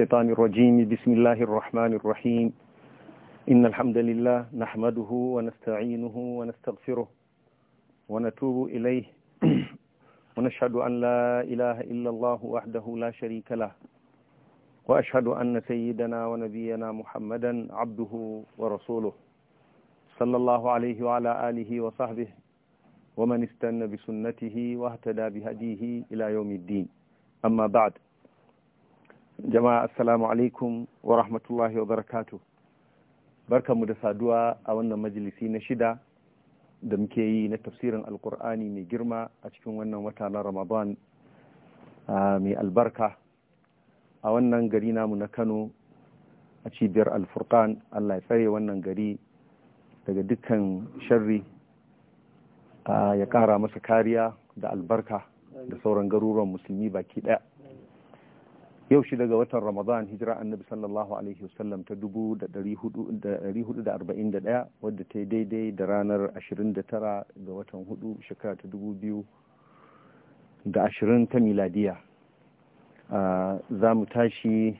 الشيطان الرجيم بسم الله الرحمن الرحيم إن الحمد لله نحمده ونستعينه ونستغفره ونتوب إليه ونشهد أن لا إله إلا الله وحده لا شريك له وأشهد أن سيدنا ونبينا محمدا عبده ورسوله صلى الله عليه وعلى آله وصحبه ومن استنى بسنته واهتدى بهديه إلى يوم الدين أما بعد jama'a assalamu alaikum wa rahmatullahi wa barakatu barka mu da saduwa a wannan majalisi na shida da muke yi na tafsirin alkur'ani mai girma a cikin wannan wata na ramadan mai albarka a wannan gari namu na kano a cibiyar alfurkan allah ya tsare wannan gari daga dukkan sharri ya kara masa kariya da albarka da sauran garuruwan musulmi baki daya yau shi daga watan ramadan hijira annabi sallallahu alaihi wasallam ta 441 wadda ta yi daidai da ranar 29 ga watan hudu shekara ta ashirin ta miladiya za mu tashi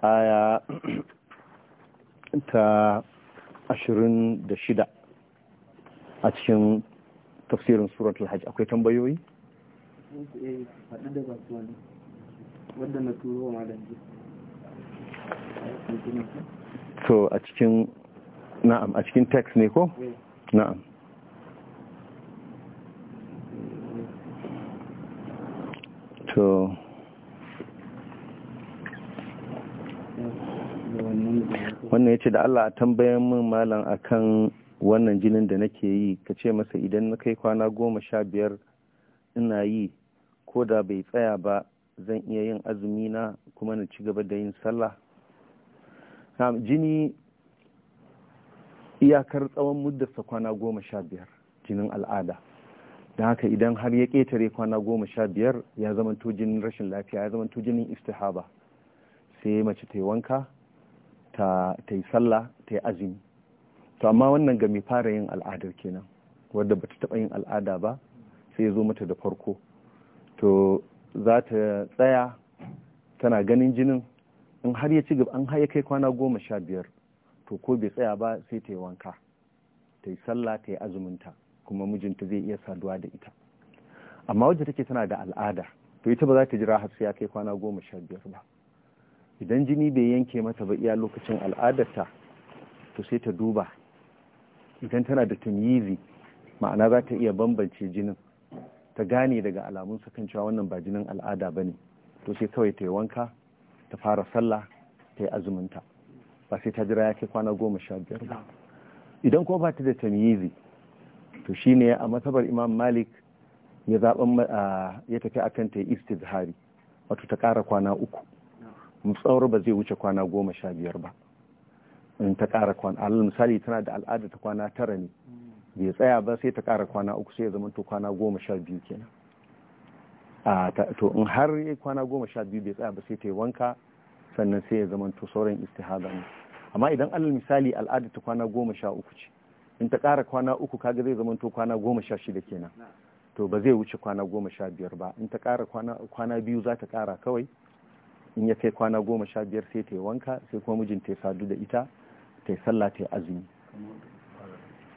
aya ta 26 a cikin tafsirin suratul hajj akwai tambayoyi? Eh, wadda a cikin na'am a cikin text ne ko eh. na'am to wannan ya ce da Allah a tambayan min malam akan wannan jinin da nake yi ka ce masa idan na kai kwana goma sha biyar ina yi ko da bai tsaya ba zan iya yin azumi na kuma na ci gaba da yin sallah jini iyakar tsawon muddarsa kwana goma sha biyar jinin al'ada da haka idan har ya ƙetare kwana goma sha biyar ya zama jinin rashin lafiya ya zama jinin istihaba sai mace ta yi wanka ta yi sallah ta yi azumi to amma wannan ga mai fara yin al'adar kenan wadda ba ta taɓa yin al'ada ba sai ya zo mata da farko to za ta tsaya tana ganin jinin in har ya ci gaba an har kai kwana goma sha biyar to ko bai tsaya ba sai ta yi wanka ta yi sallah ta yi azuminta kuma mijinta zai iya saduwa da ita amma wajen take tana da al'ada to ita ba za ta jira har sai ya kai kwana goma sha biyar ba idan jini bai yanke mata ba iya lokacin al'adarta to sai ta duba idan tana da tunyizi ma'ana za ta iya bambance jinin ta gane daga alamun kan cewa wannan ba jinin al'ada ba ne to sai kawai ta yi wanka ta fara sallah ta yi azuminta ba sai ta jira ya kai kwana goma sha biyar ba idan kuma ba ta da tamyizi to shi ne a matsabar imam malik ya zaben ya tafi akan ta yi istizhari wato ta ƙara kwana uku mutsawar ba zai wuce kwana goma sha biyar ba in ta ƙara kwana alal misali tana da al'ada ta kwana tara ne bai tsaya ba sai ta ƙara kwana uku sai ya zama to kwana goma sha biyu kenan to in har ya kwana goma sha biyu bai tsaya ba sai ta yi wanka sannan sai ya zama to sauran istihada ne amma idan alal misali al'ada ta kwana goma sha uku ce in ta ƙara kwana uku kaga zai zama to kwana goma sha shida kenan to ba zai wuce kwana goma sha biyar ba in ta ƙara kwana biyu za ta ƙara kawai in ya kai kwana goma sha biyar sai ta yi wanka sai kuma mijinta ya sadu da ita ta yi sallah ta yi azumi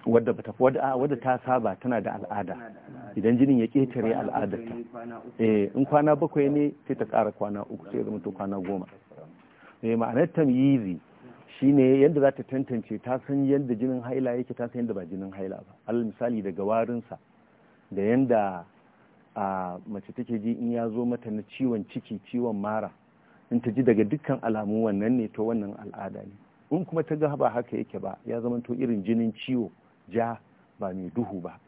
wadda bata wadda ah, wadda ta saba tana da al'ada idan jinin ya ƙetare al'adarta eh in kwana bakwai ne sai ta ƙara kwana uku sai zama to kwana goma eh ma'anar tamyizi shine yadda za ta tantance ta san yadda jinin haila yake ta san yadda ba jinin haila ba alal misali daga warinsa da yadda a ah, mace take ji in ya zo mata na ciwon ciki ciwon mara in ta ji daga dukkan alamu wannan ne to wannan al'ada ne in kuma ta ga ba haka yake ba ya zama to irin jinin ciwo ja ba mai duhu ba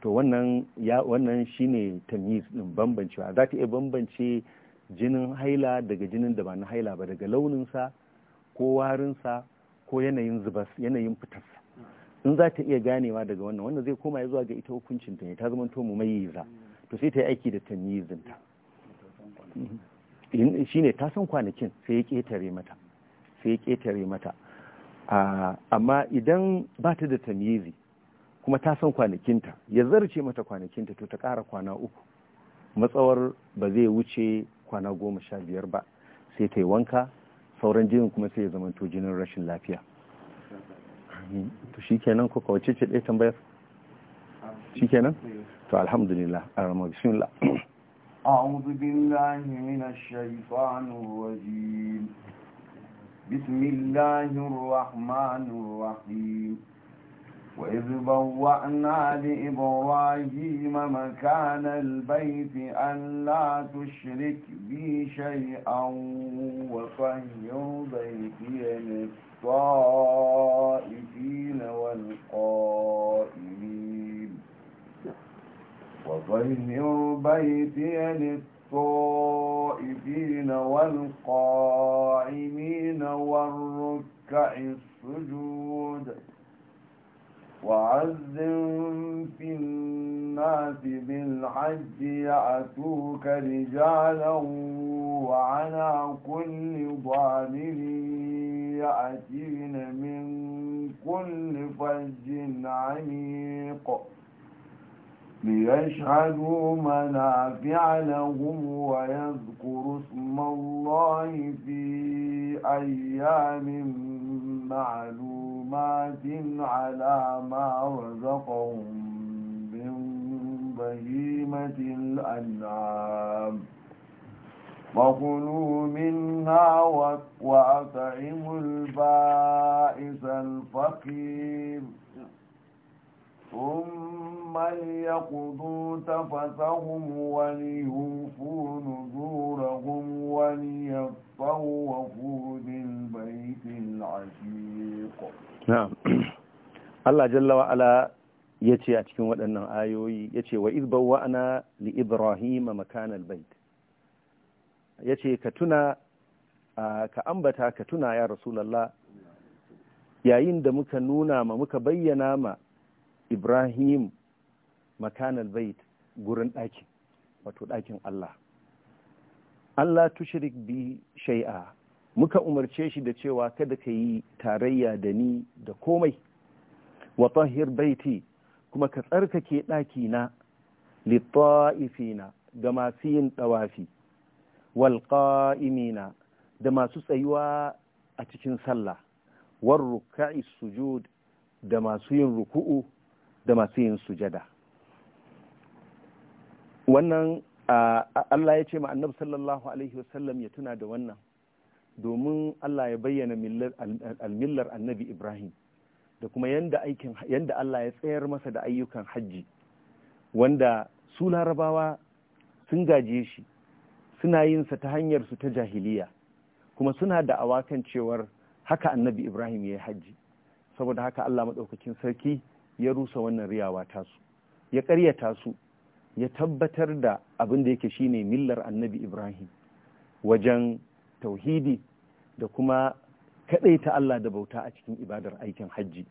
to wannan ya wannan shine tamyiz din bambancewa za ta iya bambance jinin haila daga jinin da ba na haila ba daga launinsa ko warinsa ko yanayin zubas yanayin fitarsa in za ta iya ganewa daga wannan wannan zai koma zuwa ga ita hukuncin ta ne ta zama to mu mayyiza to sai ta yi aiki da din ta shine ta san kwanakin sai ya ketare mata sai ya ketare mata amma idan ba ta da tamizi kuma ta san kwanakinta ya zarce mata kwanakinta to ta ƙara kwana uku matsawar ba zai wuce kwana goma sha biyar ba sai ta yi wanka sauran jinin kuma sai ya zama to jinin rashin lafiya to shi kenan ko kawace ce ɗaya tambayar shi kenan to alhamdulillah a ramar bismillah أعوذ بالله من الشيطان الرجيم بسم الله الرحمن الرحيم وإذ بوأنا لإبراهيم مكان البيت أن لا تشرك بي شيئا وطهر بيتي للطائفين والقائمين وطهر بيتي للطائفين الطائفين والقائمين والركع السجود وعز في الناس بالحج يأتوك رجالا وعلى كل ضامر يأتين من كل فج عميق ليشهدوا منافع لهم ويذكروا اسم الله في أيام معلومات على ما رزقهم من بهيمة الأنعام فكلوا منها وأطعموا البائس الفقير ثم ليقضوا تفثهم وليوفوا نذورهم وليطوفوا بالبيت العشيق نعم الله جل وعلا yace a cikin waɗannan ayoyi yace wa iz bawwa'na li ibrahima makanal bait yace ka tuna ka ambata ka tuna ya rasulullah yayin da muka nuna ma muka bayyana ma ibrahim makanal bait gurin ɗaki, wato ɗakin allah allah tushrik bi shai'a muka umarce shi da cewa kada ka yi tarayya da ni da komai wa tahir baiti kuma ka tsarkake na litta'ifina ga masu yin ɗawafi wal qa'imina da masu tsayuwa a cikin sallah war sujud da masu yin ruku'u da masu yin sujada wannan Allah ya ce ma annabi sallallahu alaihi wasallam ya tuna da wannan domin Allah ya bayyana almillar annabi Ibrahim da kuma yadda Allah ya tsayar masa da ayyukan hajji wanda su larabawa sun gaje shi suna yinsa ta hanyar su ta jahiliya kuma suna da awakan cewar haka annabi Ibrahim ya yi hajji saboda haka Allah maɗaukakin sarki ya rusa wannan riyawa tasu ya ƙaryata su ya tabbatar da abin da yake shine millar annabi ibrahim wajen tauhidi da kuma ta Allah da bauta a cikin ibadar aikin hajji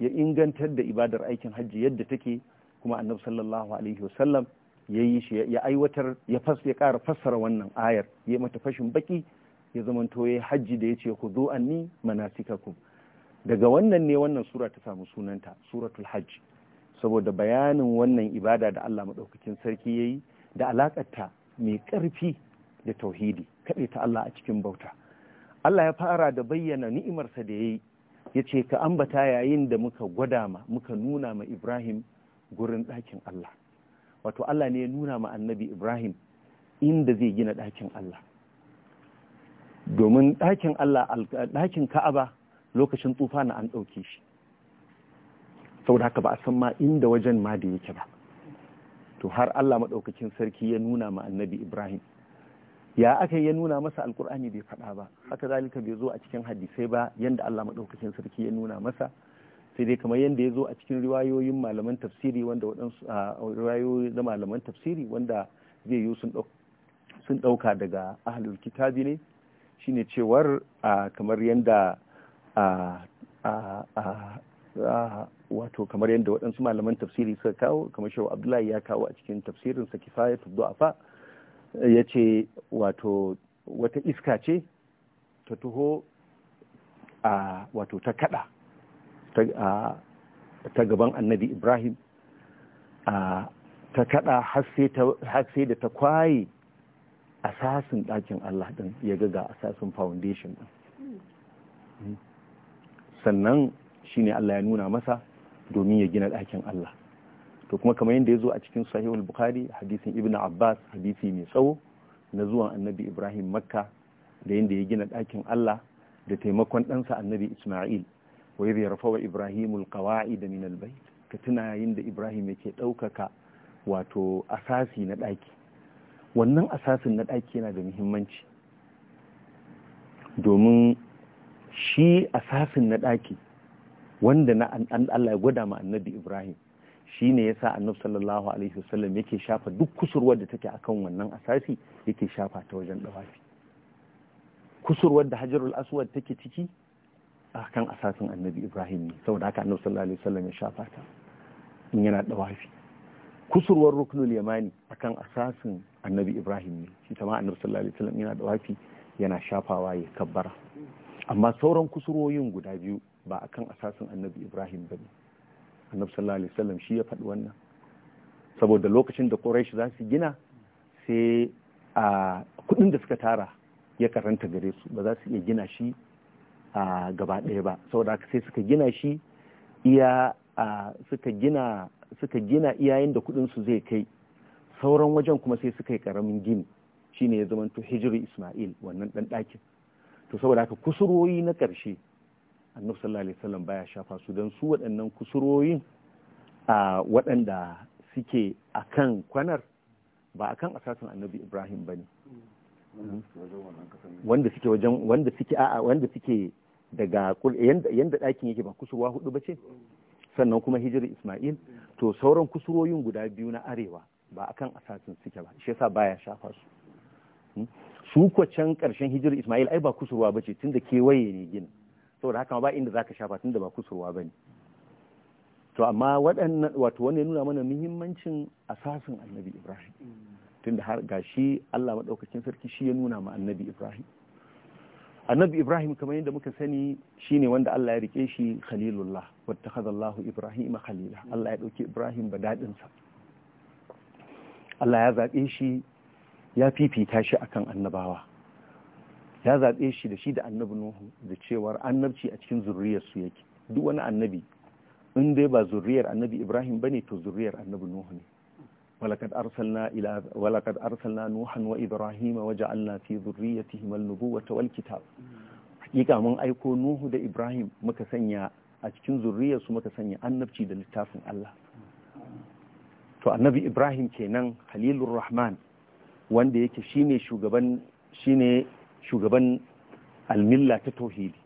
ya ingantar da ibadar aikin hajji yadda take kuma annabi sallallahu alaihi wasallam ya yi shi ya aiwatar ya fas ya ƙara fassara wannan ayar ya mata fashin baki ya zamanto ya yi hajji da ya ce ku zo anni manasikakum daga wannan ne wannan sura ta samu sunanta suratul hajj saboda bayanin wannan ibada da Allah maɗaukakin sarki ya yi da ta mai ƙarfi da tauhidi kaɗai ta Allah a cikin bauta Allah ya fara da bayyana ni'imarsa da ya yi ya ce ka ambata yayin da muka gwada ma muka nuna ma Ibrahim gurin ɗakin Allah wato Allah ne ya nuna ma annabi Ibrahim inda zai gina ɗakin Allah domin ɗakin Allah ɗakin Ka'aba lokacin tsufa na an ɗauke shi saboda haka ba a san ma inda wajen ma da yake ba to har Allah maɗaukakin sarki ya nuna ma annabi Ibrahim ya aka ya nuna masa alkur'ani bai faɗa ba haka zalika bai zo a cikin hadisai ba yanda Allah maɗaukakin sarki ya nuna masa sai dai kamar yadda ya zo a cikin riwayoyin malaman tafsiri wanda waɗansu riwayoyi malaman tafsiri wanda zai yi sun ɗauka daga ahalul kitabi ne shine cewar kamar yanda wato kamar yadda waɗansu malaman tafsiri suka kawo kamar shehu abdullahi ya kawo a cikin tafsirinsa kifaya du'afa ya ce wato wata iska ce ta tuho a wato ta kada ta gaban annabi ibrahim ta kaɗa har sai da ta kwaye asasin ɗakin allah ɗin ya ga ga asasin foundation ɗin hmm. sannan shi ne Allah ya nuna masa domin ya gina ɗakin Allah to kuma kamar yadda ya zo a cikin sahihul bukhari hadisin ibn abbas hadisi mai tsawo na zuwan annabi ibrahim makka da yadda ya gina ɗakin allah da taimakon ɗansa annabi isma'il wa yadda wa wa ibrahimul kawai da minal bai ka tuna yadda ibrahim yake ɗaukaka wato asasi na ɗaki wannan asasin na ɗaki yana da muhimmanci domin shi asasin na ɗaki wanda na an Allah ya gwada ma annabi Ibrahim shi ne sa annabi sallallahu alaihi wasallam yake shafa duk kusurwar da take akan wannan asasi yake shafa ta wajen dawafi kusurwar da hajarul aswad take ciki akan asasin annabi Ibrahim ne saboda haka annabi sallallahu alaihi wasallam ya shafa ta in yana dawafi kusurwar ruknul yamani akan asasin annabi Ibrahim ne shi ma annabi sallallahu alaihi wasallam yana dawafi yana shafawa ya kabbara amma sauran kusurwoyin guda biyu ba kan asasin annabi ibrahim ba ne annabi sallallahu alaihi shi ya faɗi wannan saboda lokacin da quraish za su gina sai a kudin da suka tara ya karanta gare su ba za su iya gina shi a gaba ɗaya ba saboda haka sai suka gina shi iya suka gina suka gina iyayen da kudin su zai kai sauran wajen kuma sai suka yi karamin gini shine ya zama to hijiri isma'il wannan ɗan ɗakin to saboda haka kusurwoyi na ƙarshe annabi sallallahu alaihi wasallam baya shafa su dan su waɗannan kusurwoyin a waɗanda suke akan kwanar ba akan asasin annabi Ibrahim bane wanda suke wajen wanda suke a wanda suke daga yanda ɗakin yake ba kusurwa hudu ba ce sannan kuma hijirar Ismail to sauran kusuroyin guda biyu na arewa ba akan asasin suke ba shi yasa baya shafa su hmm? su ko ƙarshen hijirar Ismail ai ba kusurwa bace da kewaye ne sau saboda haka ba inda za zaka shafa da ba kusurwa bane to amma waɗannan wato wanda ya nuna mana muhimmancin asasin annabi Ibrahim da har gashi Allah maɗaukacin sarki shi ya nuna ma annabi Ibrahim annabi Ibrahim kamar yadda muka sani shi ne wanda Allah ya rike shi khalilullah wata Allahu Ibrahim khalila Allah ya ɗauki Ibrahim ba daɗinsa, Allah ya zaɓe shi ya fifita shi akan annabawa ya zaɓe shi da shi da annabi nuhu da cewar annabci a cikin zurriyarsu yake duk wani annabi in dai ba zurriyar annabi ibrahim bane to zurriyar annabi nuhu ne walakad arsalna ila walakad arsalna nuhan wa ibrahima wa ja'alna fi dhurriyyatihim an-nubuwata wal kitab hakika mun aiko nuhu da ibrahim muka sanya a cikin zurriyarsu muka sanya annabci da littafin allah to annabi ibrahim kenan khalilur rahman wanda yake shine shugaban shine shugaban almilla ta tauhidi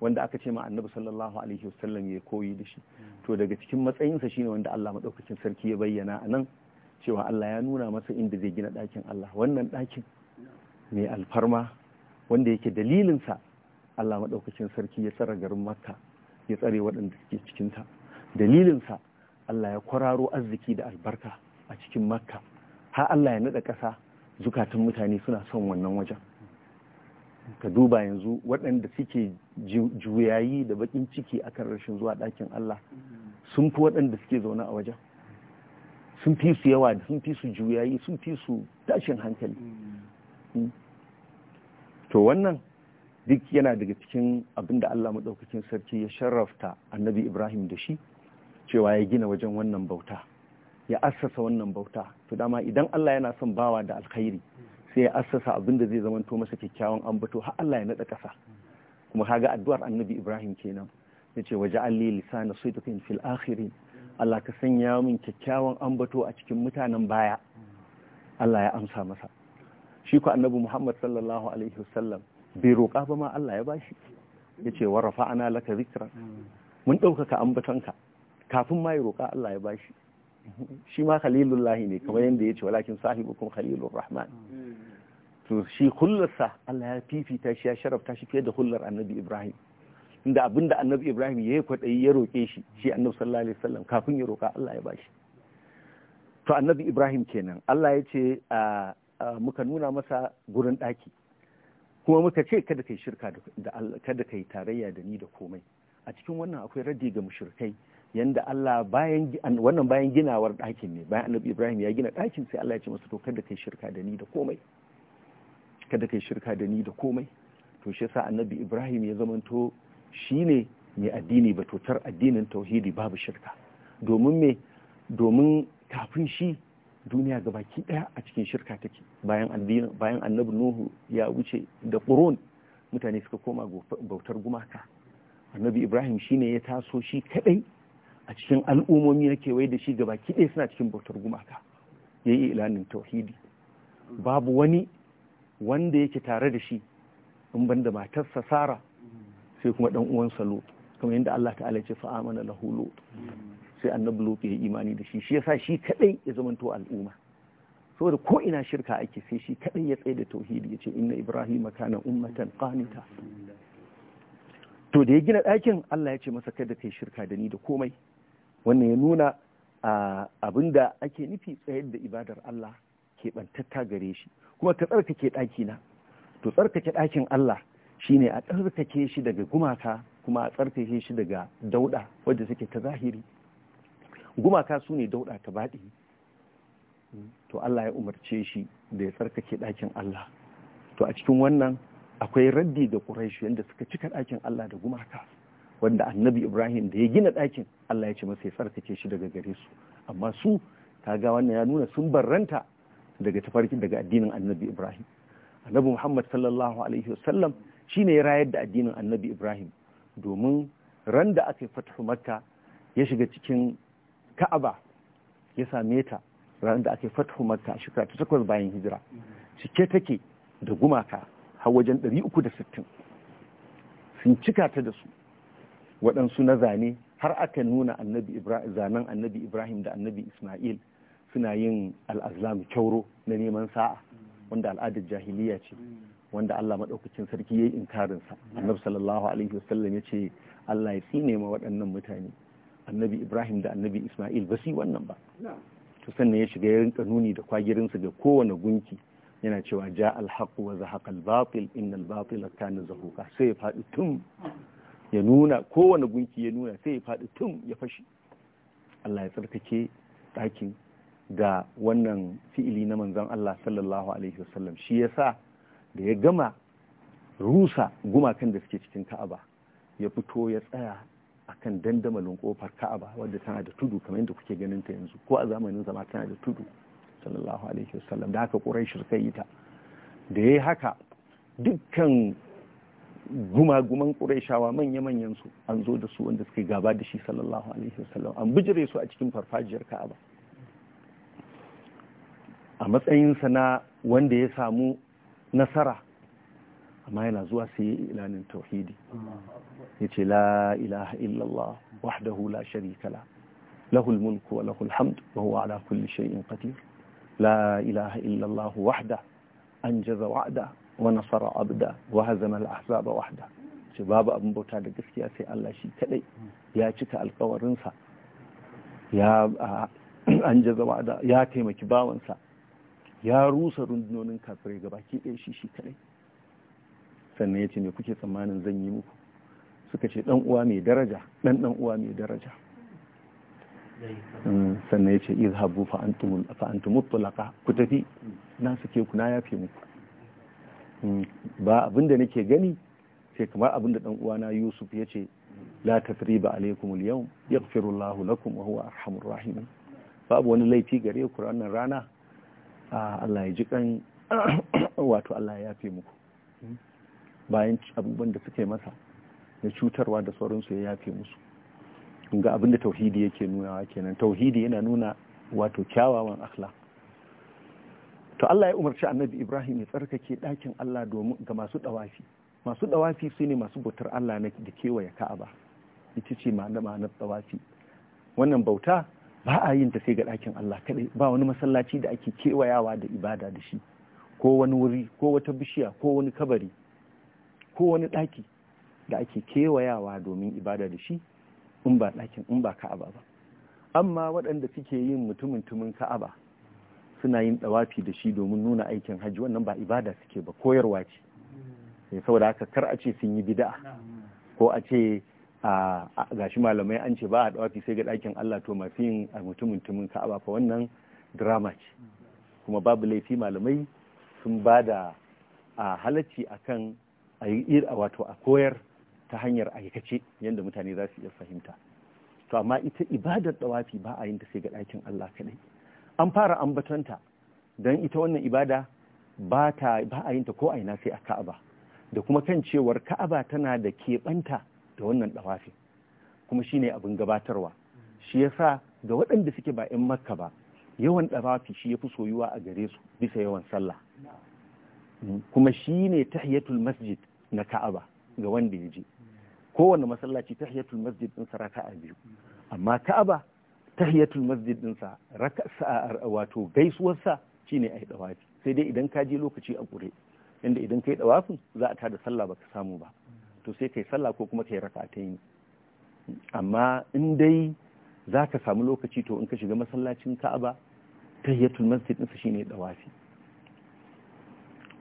wanda aka ce ma annabi sallallahu alaihi wasallam ya koyi da shi to daga cikin matsayinsa shine wanda Allah madaukakin sarki ya bayyana anan cewa Allah ya nuna masa inda zai gina ɗakin Allah wannan ɗakin mai alfarma wanda yake dalilinsa Allah maɗaukacin sarki ya tsara garin Makka ya tsare waɗanda suke cikinta dalilinsa Allah ya kwararo arziki da albarka a cikin Makka har Allah ya nada ƙasa zukatun mutane suna son wannan wajen ka duba yanzu waɗanda suke juyayi da bakin ciki akan rashin zuwa ɗakin Allah sun fi waɗanda suke zaune a wajen sun fi su yawa sun fi su juyayi sun fi su tashin hankali hmm. Hmm. to wannan duk yana daga cikin abin da Allah Maɗaukacin sarki ya sharrafta annabi Ibrahim da shi cewa ya gina wajen wannan bauta ya assasa wannan bauta to dama idan Allah yana son bawa da alkhairi sai ya assasa abin da zai zamanto masa kyakkyawan ambato har Allah ya nada ƙasa kuma kaga addu'ar Annabi Ibrahim kenan yace waja'alli lisana sidqin fil akhirin Allah ka sanya min kyakkyawan ambato a cikin mutanen baya Allah ya amsa masa shi ku Annabi Muhammad sallallahu alaihi wasallam bai roƙa ba ma Allah ya bashi yace wa rafa'ana laka zikra hmm. mun ka ambatonka kafin ma ya roƙa Allah ya bashi shi ma khalilullahi ne kamar yadda ya ce walakin sahibukum khalilur rahman to shi hullarsa Allah ya fifita shi ya sharafta shi fiye da hullar annabi Ibrahim inda abinda annabi Ibrahim ya yi kwaɗayi ya roƙe shi shi annabi sallallahu alaihi wasallam kafin ya roƙa Allah ya bashi to annabi Ibrahim kenan Allah ya ce muka nuna masa gurin ɗaki kuma muka ce kada kai shirka da kada kai tarayya da ni da komai a cikin wannan akwai raddi ga mushrikai yanda Allah bayan wannan bayan ginawar ɗakin ne bayan annabi Ibrahim ya gina ɗakin sai Allah ya ce masa to kada kai shirka da ni da komai kada kai shirka da ni da komai to shi yasa annabi Ibrahim ya zamanto shine mai addini ba totar addinin tauhidi babu shirka domin me domin kafin shi duniya ga baki daya a cikin shirka take bayan addini bayan annabi Nuhu ya wuce da qurun mutane suka koma bautar gumaka annabi Ibrahim shine ya taso shi kadai a cikin al'ummomi na kewaye da shi gaba kiɗe suna cikin bautar gumaka ya yi ilanin tauhidi babu wani wanda yake tare da shi in ban da matarsa sara sai kuma ɗan uwansa lot kamar yadda Allah ta'ala ce fa amana lahu sai annabi lot ya yi imani da shi shi yasa shi kadai ya zamanto al'umma saboda ko ina shirka ake sai shi kadai ya tsaye da tauhidi ya ce inna ibrahima kana ummatan qanita to da ya gina ɗakin Allah ya ce masa kada kai shirka da ni da komai wannan ya nuna abin da ake nufi tsayar da ibadar Allah keɓantatta gare shi kuma ka tsarkake ɗakina to tsarkake ɗakin Allah shine a tsarkake shi daga gumaka kuma a tsarkake shi daga dauɗa wadda suke ta zahiri gumaka su ne dauɗa ta baɗi to Allah ya umarce shi da ya tsarkake ɗakin Allah to a cikin wannan akwai raddi ga ƙurashi, yadda suka cika ɗakin Allah da gumaka wanda annabi ibrahim da ya gina ɗakin allah ya ce masa ya tsarkake shi daga gare su amma su ta ga wannan ya nuna sun barranta daga tafarkin daga addinin annabi ibrahim annabi muhammad sallallahu alaihi wasallam ne ya rayar da addinin annabi ibrahim domin ran da aka yi fatahu makka ya shiga cikin ka'aba ya same ta ran da aka yi fatahu makka a shekara ta takwas bayan hijira cike take da gumaka har wajen ɗari uku da sittin. sun cika ta da su waɗansu na zane har aka nuna annabi zanen annabi ibrahim da annabi isma'il suna yin al'azlam kyauro na neman sa'a wanda al'adar jahiliya ce wanda Allah maɗaukacin sarki ya yi inkarinsa annabi sallallahu alaihi wasallam ya ce Allah ya tsine ma waɗannan mutane annabi ibrahim da annabi isma'il ba su yi wannan ba to sannan ya shiga ya rinka nuni da kwagirinsa ga kowane gunki yana cewa ja alhaqu wa zahaqa al-batil innal batila kana zahuqa sai ya faɗi tun ya nuna kowane gunki ya nuna sai ya faɗi tun ya fashi Allah ya tsarkake ɗakin da wannan fi'ili na manzon Allah sallallahu alaihi wasallam shi yasa da ya gama rusa gumakan da suke cikin Ka'aba ya fito ya tsaya akan dandamalin kofar Ka'aba wadda tana da tudu kamar yadda kuke ganin ta yanzu ko a zamanin zama tana da tudu sallallahu alaihi wasallam da haka Quraysh suka yi ta da yayi haka dukkan gumaguman ƙuraishawa manya-manyan su an zo da su wanda suke gaba da shi sallallahu alaihi wasallam an bijire su a cikin farfajiyar ka'aba a matsayinsa na wanda ya samu nasara amma yana zuwa sai ya ilanin tauhidi ya ce la ilaha illallah wahdahu la sharika la lahul mulku wa lahul hamd wa huwa ala kulli shay'in qadir la ilaha illallah wahda anjaza wa'da wa nasara da wa hazama al-ahzaba wahda ce babu abin bauta da gaskiya sai Allah shi kadai ya cika alkawarinsa ya an da ya taimaki bawansa ya rusa rundunonin kafirai ga baki ɗaya shi shi kadai sannan ya ce me kuke tsammanin zan yi muku suka ce dan uwa mai daraja dan mai daraja mm, sannan ya ce izhabu fa antum fa antum mutlaqa ku tafi na suke ku na yafe muku ba abinda nake gani sai kamar abinda dan uwana Yusuf ya ce la tasriba alaikum alyawm yaghfiru Allahu lakum wa huwa arhamur rahim babu wani laifi gare ku wannan rana Allah ya ji kan wato Allah ya yafe muku bayan abubuwan da suke masa na cutarwa da sauransu ya yafe musu ga abinda tauhidi yake nunawa kenan tauhidi yana nuna wato kyawawan akhlaq to Allah ya umarci annabi Ibrahim ya tsarkake ɗakin Allah domin ga masu ɗawafi masu ɗawafi su ne masu bautar Allah na da kewaye Ka'aba ita ce ma'ana ma'anar ɗawafi wannan bauta ba a yin ta sai ga ɗakin Allah kaɗai ba wani masallaci da ake kewayawa da ibada da shi ko wani wuri ko wata bishiya ko wani kabari ko wani ɗaki da ake kewayawa domin ibada da shi in ba ɗakin in ba Ka'aba ba amma waɗanda suke yin mutumin tumin Ka'aba suna yin dawafi da shi domin nuna aikin hajji wannan ba ibada suke ba koyarwa ce sai eh, saboda haka kar a ce sun yi bid'a ko a ce a gashi malamai an ce ba a dawafi sai ga dakin Allah to mafi yin a mutumin tumin Ka'aba fa wannan drama ce kuma babu laifi malamai sun ba da halacci akan a yi wato a koyar ta hanyar aikace yadda mutane za su iya fahimta to amma ita ibadar dawafi ba a yin ta sai ga ɗakin Allah kaɗai an fara ambatanta don ita wannan ibada ba a ta ko aina sai a ka'aba da kuma kan cewar ka'aba tana da keɓanta da wannan ɗawafi kuma shi ne abin gabatarwa shi ya sa ga waɗanda suke ba 'yan makka ba yawan ɗawafi shi ya fi soyuwa a gare su bisa yawan sallah kuma shi ne tahiyatul masjid na ka'aba ga wanda ya je kowane masallaci tahiyatul masjid ɗin saraka a biyu amma ka'aba tahiyatul masjid dinsa wato gaisuwarsa shine a yi dawafi sai dai idan ka je lokaci a ƙure inda idan ka yi dawafin za a tada sallah baka samu ba to sai kai sallah ko kuma kai raka ta yi amma in dai za ka samu lokaci to in ka shiga masallacin ka'aba tahiyatul masjid sa shine dawafi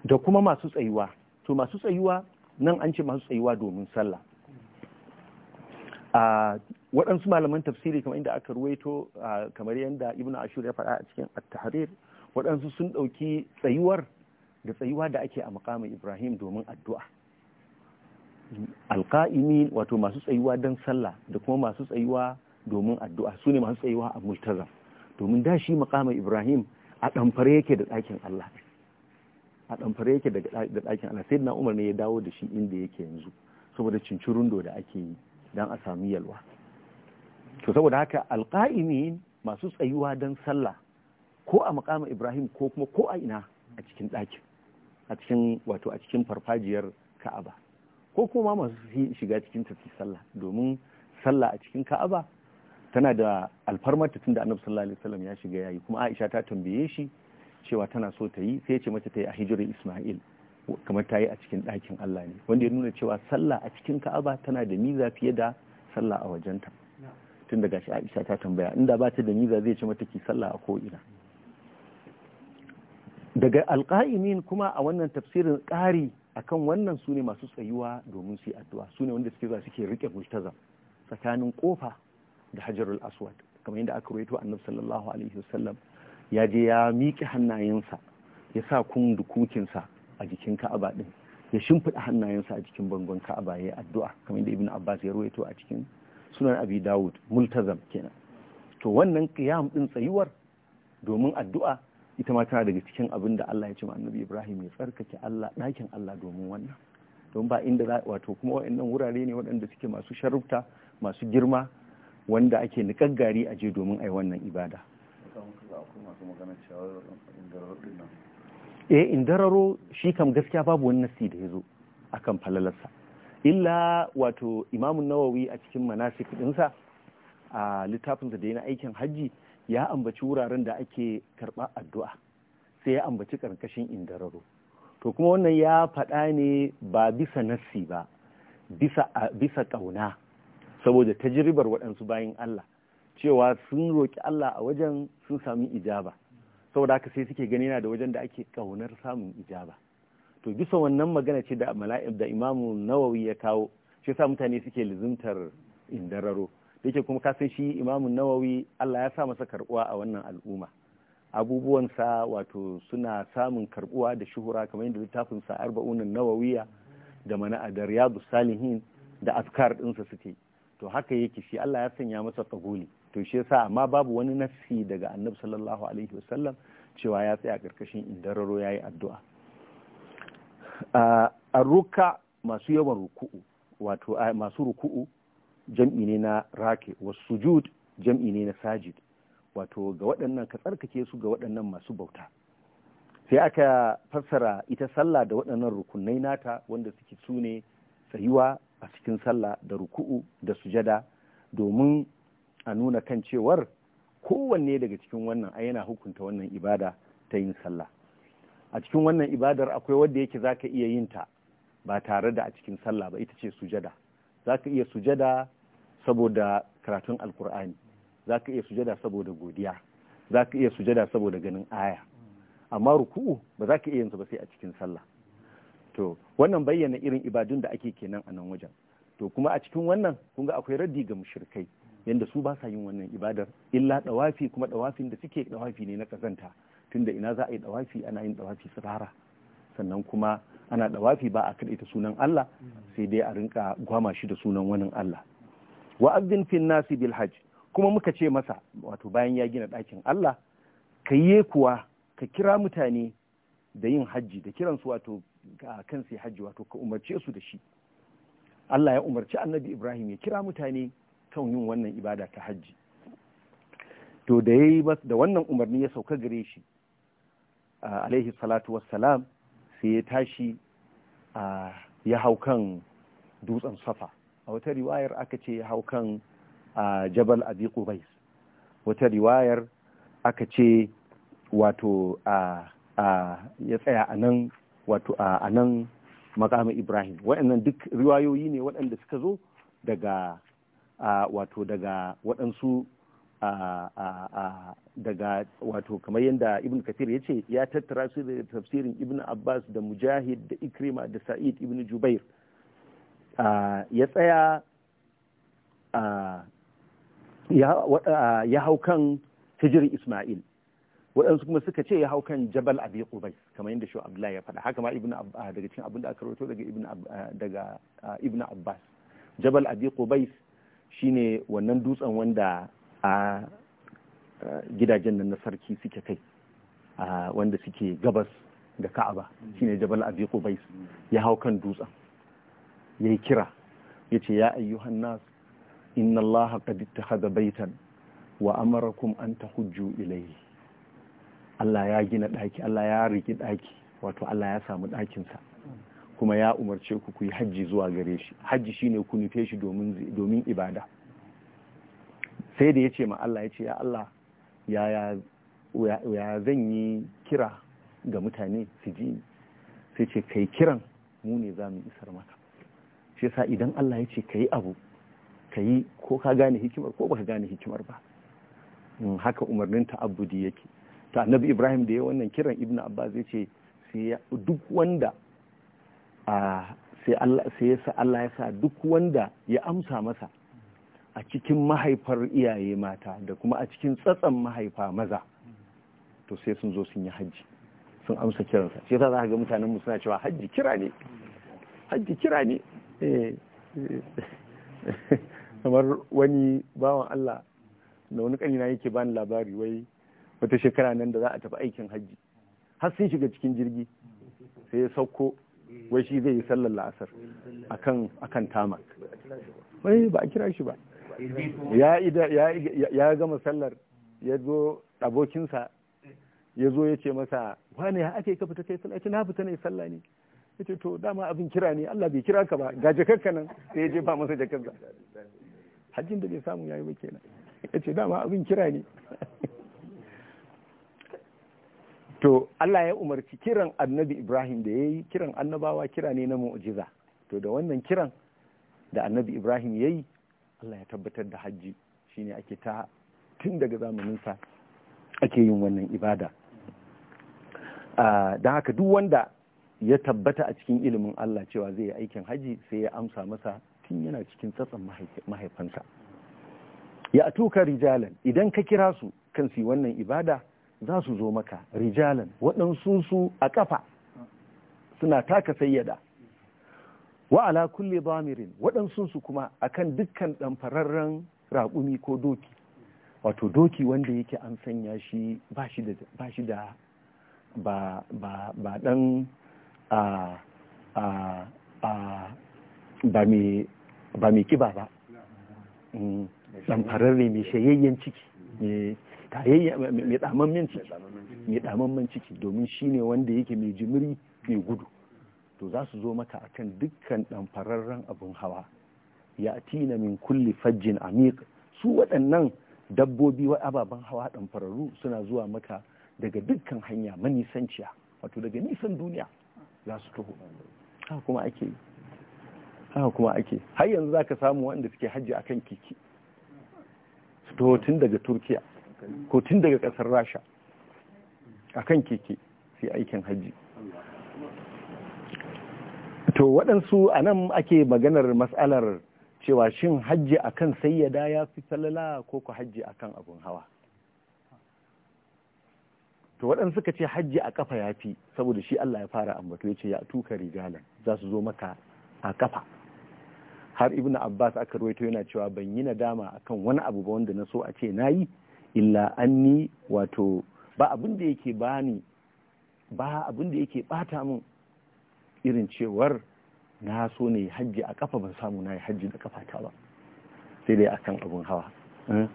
da kuma masu tsayuwa to masu tsayuwa nan an ce masu tsayuwa domin sallah a ah, waɗansu malaman tafsiri kamar inda aka ruwaito kamar yadda Ibn ashur ya faɗa a cikin at-tahrir waɗansu sun ɗauki tsayuwar da tsayuwa da ake a makamin ibrahim domin addu'a alƙa'imi wato masu tsayuwa don sallah da kuma masu tsayuwa domin addu'a su ne masu tsayuwa a multazam domin da shi makamin ibrahim a ɗanfare yake da ɗakin allah a ɗanfare yake da ɗakin allah sai na umar ne ya dawo da shi inda yake yanzu saboda cincirundo da ake yi don a sami yalwa to saboda haka ne masu tsayuwa don sallah ko a makamin ibrahim ko kuma ko a ina a cikin ɗakin a cikin wato a cikin farfajiyar ka'aba ko kuma masu shiga cikin tafi sallah domin sallah a cikin ka'aba tana da alfarmar ta da annabi sallallahu alaihi wasallam ya shiga yayi kuma aisha ta tambaye shi cewa tana so ta yi sai ya ce mata ta yi a hijirin isma'il kamar ta yi a cikin ɗakin allah ne wanda ya nuna cewa sallah a cikin ka'aba tana da miza fiye da sallah a wajenta tun da shi aisha ta tambaya inda ba ta da niza zai ci mata ki sallah a ina. daga alƙa'imin kuma a wannan tafsirin ƙari akan wannan sune masu tsayuwa domin su yi addu'a sune wanda suke zuwa suke riƙe multazam tsakanin kofa da hajarul aswad kamar yadda aka rawaito annabi sallallahu alaihi wasallam ya je ya miƙe hannayensa ya sa kun sa a jikin ka'aba din ya shimfiɗa hannayensa a jikin bangon ka'aba ya addu'a kamar yadda ibn abbas ya rawaito a cikin sunan abi dawud multazam kenan to wannan qiyam din tsayuwar domin addu'a ita ma tana daga cikin abin da Allah ya ce annabi Ibrahim ya tsarkake Allah ɗakin Allah domin wannan don ba inda za wato kuma waɗannan wurare ne waɗanda suke masu sharufta masu girma wanda ake niƙaggari a je domin a yi wannan ibada eh indararo shi kam gaskiya babu wani nasi da ya zo akan falalarsa illa wato imamun nawawi a cikin manasik ɗinsa a littafinsa da yana aikin hajji ya ambaci wuraren da ake karɓa addu'a sai ya ambaci ƙarƙashin indararo to kuma wannan ya faɗa ne ba bisa nassi ba bisa ƙauna saboda tajribar waɗansu bayan Allah cewa sun roƙi Allah a wajen sun sami ijaba saboda haka sai suke gani yana da wajen da ake ƙaunar samun ijaba to bisa wannan magana ce da mala'ib da imamu nawawi ya kawo shi sa mutane suke lizimtar indararo da yake kuma kasan shi imamu nawawi Allah ya sa masa karbuwa a wannan al'umma abubuwansa wato suna samun karbuwa da shuhura kamar yadda littafin sa arba'unan nawawiya da mana da salihin da afkar ɗinsa suke to haka yake shi Allah ya sanya masa kagoli to shi yasa amma babu wani nafsi daga annabi sallallahu alaihi wasallam cewa ya tsaya karkashin indararo yayi addu'a a ruka masu yawan ruku'u wato masu ruku'u jam'i ne na rake wasu sujud jam'i ne na sajid wato ga waɗannan ka tsarkake su ga waɗannan masu bauta sai aka fassara ita sallah da waɗannan rukunai nata wanda suke su ne tsayuwa a cikin sallah da ruku'u da sujada domin a nuna kan cewar kowanne daga cikin wannan a yana hukunta wannan ibada ta yin sallah a cikin wannan ibadar akwai wadda yake za ka iya yin ta ba tare da a cikin sallah ba ita ce sujada za ka iya sujada saboda karatun alkur'ani za ka iya sujada saboda godiya za ka iya sujada saboda ganin aya amma ruku'u ba za ka iya yinsa ba sai a cikin sallah to wannan bayyana irin ibadun da ake kenan a nan wajen to kuma a cikin wannan kun ga akwai raddi ga mushrikai yanda su ba sa yin wannan ibadar illa dawafi kuma dawafin da suke dawafi ne na kazanta da ina za a yi dawafi ana yin dawafi sirara sannan kuma ana dawafi ba a kaɗaita sunan Allah sai dai a rinka gwama shi da sunan wani Allah wa azzin fin nasi bil hajj kuma muka ce masa wato bayan ya gina ɗakin Allah ka yi kuwa ka kira mutane da yin hajji da kiran su wato ga kan sai hajji wato ka umarce su da shi Allah ya umarci Annabi Ibrahim ya kira mutane kan yin wannan ibada ta hajji to da yayi da wannan umarni ya sauka gare shi alaihi salatu wassalam sai ya tashi ya hau kan dutsen safa a wata riwayar aka ce ya hau kan jabal abi qubais wata riwayar aka ce wato ya tsaya a nan wato a nan makamin ibrahim waɗannan duk riwayoyi ne waɗanda suka zo daga wato daga waɗansu daga wato kamar yadda ibn kathir ya ce ya tattara su da tafsirin ibn abbas da mujahid da ikrima da sa'id ibn jubair ya tsaya ya hau kan hijir isma'il waɗansu kuma suka ce ya hau kan jabal abi qubais kamar yadda shi abdullahi ya faɗa haka ma ibn daga cikin abin da aka rawaito daga ibn daga ibn abbas jabal abi qubais shine wannan dutsen wanda a gidajen nan na sarki suke kai wanda suke gabas da ka'aba shine jabal abi qubais ya hau kan dutsen yayi kira Ya ce ya ayyuhan nas inna allaha qad ittakhadha baitan wa amarakum an tahujju ilayhi Allah ya gina daki Allah ya riki daki wato Allah ya samu ɗakinsa. kuma ya umarce ku ku yi hajji zuwa gare shi hajji shine ku nufe shi domin ibada sai da ya ce ma Allah ya ce ya Allah ya zan yi kira ga mutane su ji sai ce kai kiran mu ne za mu isar maka shi sa idan Allah ya ce ka yi abu ka yi ko ka gane hikimar ko ka gane hikimar ba mm, haka umarnin ta'abbudi yake ta annabi Ibrahim da ya wannan kiran Ibn Abbas ya ce sai duk wanda Allah ya sa duk wanda ya amsa masa a cikin mahaifar iyaye mata da kuma a cikin tsatsan mahaifa maza to sai sun zo sun yi hajji sun amsa kiransa sai yasa za ga mutanen mu suna cewa hajji kira ne hajji kira ne eh, eh. kamar wani bawan Allah da wani kanina yake bani labari wai wata shekara nan da za a tafi aikin hajji har sun shiga cikin jirgi sai ya sauko wai shi zai yi sallar la'asar akan akan tamak wai ba a kira shi ba ya gama sallar ya zo abokinsa ya zo ya ce masa wane ya ake ka fita kai sallah ce na fita ne sallah ne ya ce to dama abin kira ne Allah bai kira ka ba ga jakarka nan sai ya jefa masa jakarka hajjin da bai samu yayi ba kenan ya ce dama abin kira ne to Allah ya umarci kiran annabi Ibrahim da ya yi kiran annabawa kira ne na mu'jiza to da wannan kiran da annabi Ibrahim ya yi Allah ya tabbatar da hajji shi ne ake ta tun daga zamaninsa ake yin wannan ibada don haka duk wanda ya tabbata a cikin ilimin Allah cewa zai yi aikin hajji sai ya amsa masa tun yana cikin tsatsan mahaifansa ya tuka rijalan idan ka kira su kan su wannan ibada za su zo maka rijalan waɗansu su a ƙafa suna taka sayyada wa ala kulli damirin waɗansu su kuma akan dukkan ɗanfararren raƙumi ko doki wato doki wanda yake an sanya shi ba shi da ba ɗan ba mai kiba ba mm, ɗanfararre mai shayayyen ciki mai ɗamammen ciki domin shi ciki domin shine wanda yake mai jimiri mai gudu to za su zo maka a kan dukkan ɗanfararren abin hawa ya tina min kulli fajjin amiq su waɗannan dabbobi wa ababen hawa ɗanfararru suna zuwa maka daga dukkan hanya manisanciya wato daga nisan duniya za su taho haka kuma ake haka kuma ake har yanzu za ka samu wanda suke hajji akan kiki su taho tun daga turkiya ko tun daga ƙasar rasha akan keke sai aikin hajji to waɗansu a nan ake maganar matsalar cewa shin hajji akan sayyada ya fi salala ko ku hajji akan abin hawa to waɗansu ka ce hajji a kafa ya fi saboda shi Allah ya fara ambato ya ce ya tuka rigalan za su zo maka a kafa har Ibn abbas aka ruwaito yana cewa ban yi nadama akan wani abu ba wanda na so a ce nayi illa anni wato ba abin da yake bani ba abin da yake bata min irin cewar na so ne hajji a kafa ban samu na yi hajji da ta ba sai dai akan abun hawa hmm?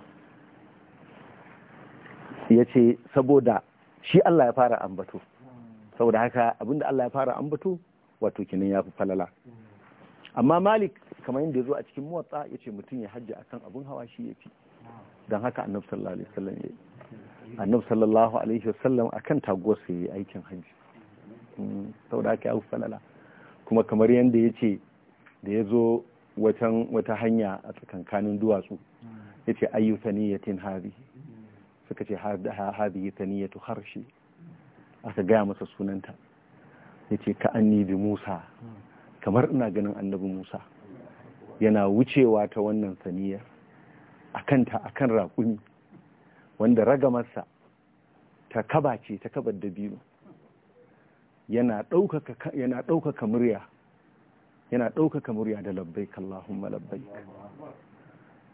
ya ce saboda shi Allah ya fara ambato saboda haka abinda Allah ya fara ambato wato kinan ya fi falala amma malik kamar yadda ya zo a cikin motsa ya ce mutum ya hajji a kan abun hawa shi ya fi don haka annabi sallallahu alaihi wasallam ya yi annabi sallallahu alaihi wasallam kan taguwarsa ya yi aikin hajji saboda a ya falala kuma kamar yadda ya ce da ya zo wata hanya a tsakankanin duwatsu ya ce ayyu taniyatin habi suka ce habi taniyatu harshe aka gaya masa sunanta ya ce ka an bi musa kamar ina ganin annabi musa yana wucewa ta wannan saniyar a kanta a kan raƙumi wanda ragamarsa ta kaba ce ta kabar biyu. yana ɗaukaka murya yana ɗaukaka murya da labbaik Allahumma labbaik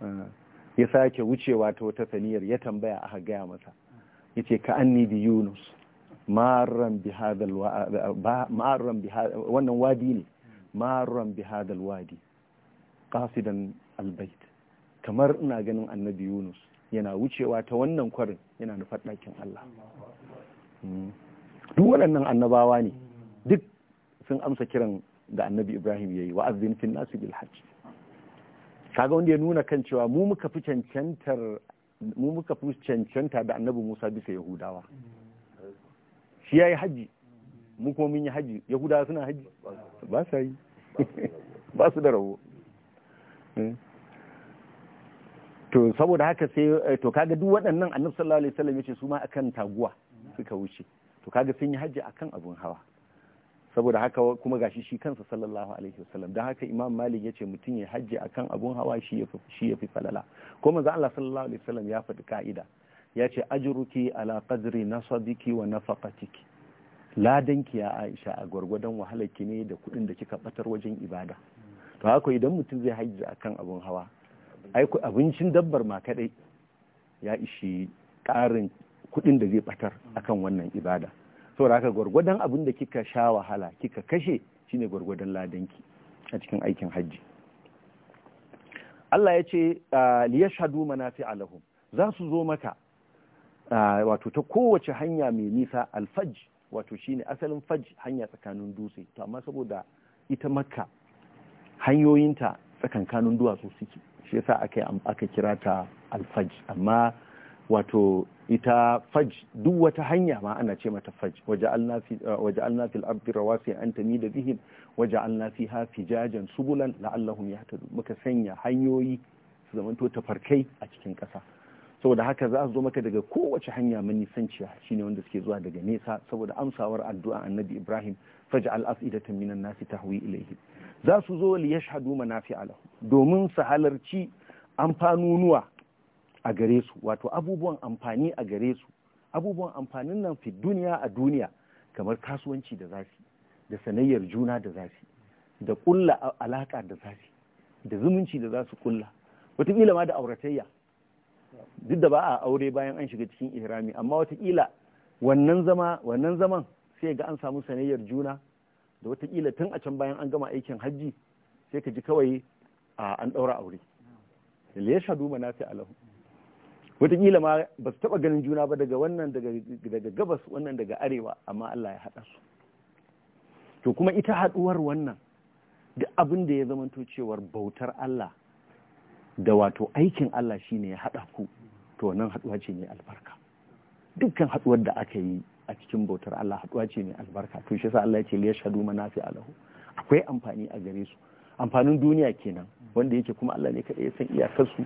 eh, ya sake wucewa ta wata saniyar ya tambaya aka gaya masa yace ka anni bi Yunus marran bi wannan wadi ne marran bi wadi qasidan albayt kamar ina ganin annabi Yunus yana wucewa ta wannan kwarin yana nufar ɗakin Allah hmm. duk waɗannan annabawa ne duk sun amsa kiran da annabi ibrahim ya yi wa azin fin nasu bil hajji kaga wanda ya nuna kan cewa mu muka fi cancantar mu muka fi cancanta da annabi musa bisa yahudawa shi ya yi hajji mu kuma mun yi hajji yahudawa suna hajji ba sa yi ba su da rabo eh. to saboda haka sai eh, to kaga duk waɗannan annabi sallallahu alaihi wasallam yace su ma akan taguwa suka wuce to kaga sun yi hajji akan abun hawa saboda haka kuma gashi shi kansa sallallahu alaihi wasallam dan haka imam malik ce mutum ya hajji akan abun hawa shi yafi shi falala ko manzo Allah sallallahu alaihi wasallam ya faɗi ka'ida yace ajruki ala qadri nasabiki wa nafaqatiki ladanki ya Aisha a gwargwadon wahalarki ne da kuɗin da kika batar wajen ibada to haka idan mutum zai hajji akan abun hawa ai abincin dabbar ma kadai ya ishi ƙarin kuɗin da zai ɓatar akan wannan ibada saboda haka gwargwadon abin da kika sha wahala kika kashe shine gwargwadon ladanki a cikin aikin hajji Allah ya ce ah, liyashhadu manafi'a alahu. za su zo maka ah, wato ta kowace hanya mai nisa alfaj wato shine asalin faj hanya tsakanin dutse to amma saboda ita makka hanyoyinta tsakankanin duwatsu suke shi yasa aka aka kira ta alfaj amma wato ita faj duk wata hanya ma ana ce mata faj waje uh, waja'alna fil ardi rawasi an waje bihim waja'alna fiha fijajan subulan la'allahum yahtadun muka sanya hanyoyi su zamanto tafarkai a cikin kasa saboda haka za su zo maka daga kowace hanya shi shine wanda suke zuwa daga nesa saboda amsawar addu'a annabi ibrahim faj'al af'idatan minan nasi tahwi ilayhi za su zo li yashhadu manafi'a domin su halarci amfanunuwa a gare su wato abubuwan amfani a gare su abubuwan amfanin nan fi duniya a duniya kamar kasuwanci da zafi da sanayyar juna da zafi da kulla alaka da zafi da zumunci da za su kulla wataƙila ma da auratayya duk da ba a aure bayan an shiga cikin ihrami amma wataƙila wannan zama wannan zaman sai ga an samu sanayyar juna da wataƙila tun a can bayan an gama aikin hajji sai ka ji kawai an ɗaura aure da ya shaɗu manafi alahu wataƙila ma ba su taɓa ganin juna ba daga wannan daga gabas wannan daga arewa amma Allah ya haɗa su to kuma ita haɗuwar wannan da abin da ya zamanto cewar bautar Allah da wato aikin Allah shi ne ya haɗa ku to wannan haɗuwa ce mai albarka dukkan haɗuwar da aka yi a cikin bautar Allah haɗuwa ce mai albarka to shi yasa Allah ya ce li yashhadu manafi alahu akwai amfani a gare su amfanin duniya kenan wanda yake kuma Allah ne kaɗai ya san iyakarsu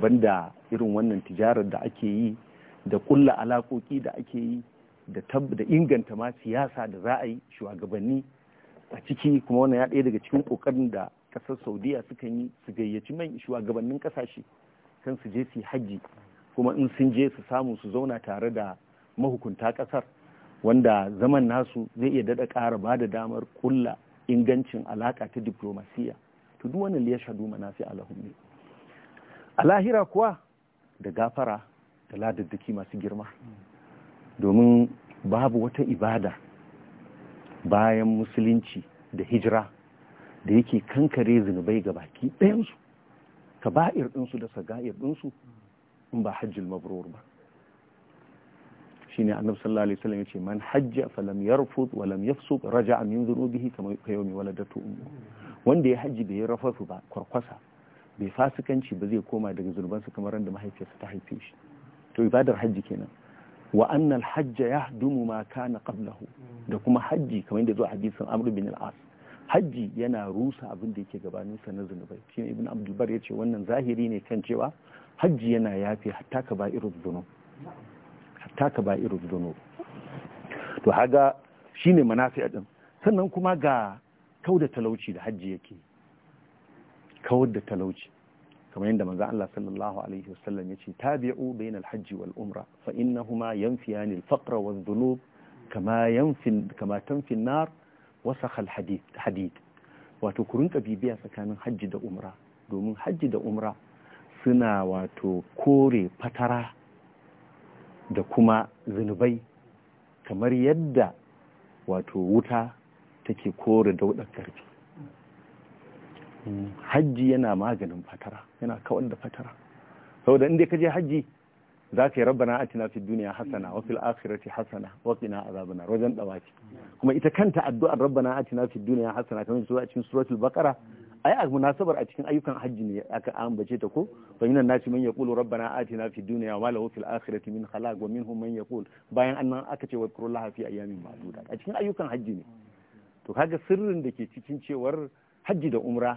banda irin wannan tijarar da ake yi da kulla alaƙoƙi da ake yi da inganta ma siyasa da za a yi shugabanni a ciki kuma wannan ya ɗaya daga cikin ƙoƙarin da ƙasar saudiya suka yi su gayyaci man shugabannin ƙasashe kan su je su yi hajji kuma in sun je su samu su zauna tare da mahukunta ƙasar wanda zaman nasu zai iya daɗa ƙara ba da damar kulla ingancin alaƙa ta diplomasiya to duk wannan liyashadu manasi alahumma a lahira kuwa da gafara da ladaddaki masu girma domin babu wata ibada bayan musulunci da hijira da yake kankare zunubai ga baki ɗayansu ka ba'ir ɗinsu da saga'ir ɗinsu in ba hajjil mabrur ba shine annabi sallallahu alaihi wasallam yace man hajja falam yarfud wa lam yafsuq raja'a min dhunubihi kama yawmi waladatu ummu wanda ya haji bai rafafu ba kwarkwasa bai fasikanci ba zai koma daga su kamar da mahaifiyarsa ta haife shi to ibadar hajji kenan wa annal hajja yahdumu ma kana qablahu da kuma hajji kamar yadda zuwa hadisin amr bin al-as hajji yana rusa abin da yake gabanin sa na zunubai shi ibn abdul bar yace wannan zahiri ne kan cewa hajji yana yafi hatta ka ba iru zunub hatta ka ba iru zunub to haga shine manafi'a din sannan kuma ga kauda talauci da hajji yake kawar da talauci kamar yadda manzo Allah sallallahu alaihi wasallam yace tabi'u bainal hajji wal umra fa innahuma yanfiyani al faqra wadh dhunub kama yanfi kama tanfi an-nar wasakh al hadid hadid wato ku rinka tsakanin hajji da umra domin hajji da umra suna wato kore fatara da kuma zunubai kamar yadda wato wuta take kore daudar karfi hajji yana maganin fatara yana kawar da fatara saboda inda ka je hajji za ka yi rabbana atina fi duniya hasana wa fil akhirati hasana wa qina azabana wajen dawaki kuma ita kanta addu'ar rabbana atina fi duniya hasana kamar su a cikin suratul baqara ai a munasabar a cikin ayyukan hajji ne aka ambace ta ko fa minan nasi man yaqulu rabbana atina fid duniya wa lahu fil akhirati min khalaq wa minhum man yaqul bayan annan aka ce wadkurullaha fi ayyamin ma'dudat a cikin ayyukan hajji ne to kaga sirrin da ke cikin cewar hajji da umra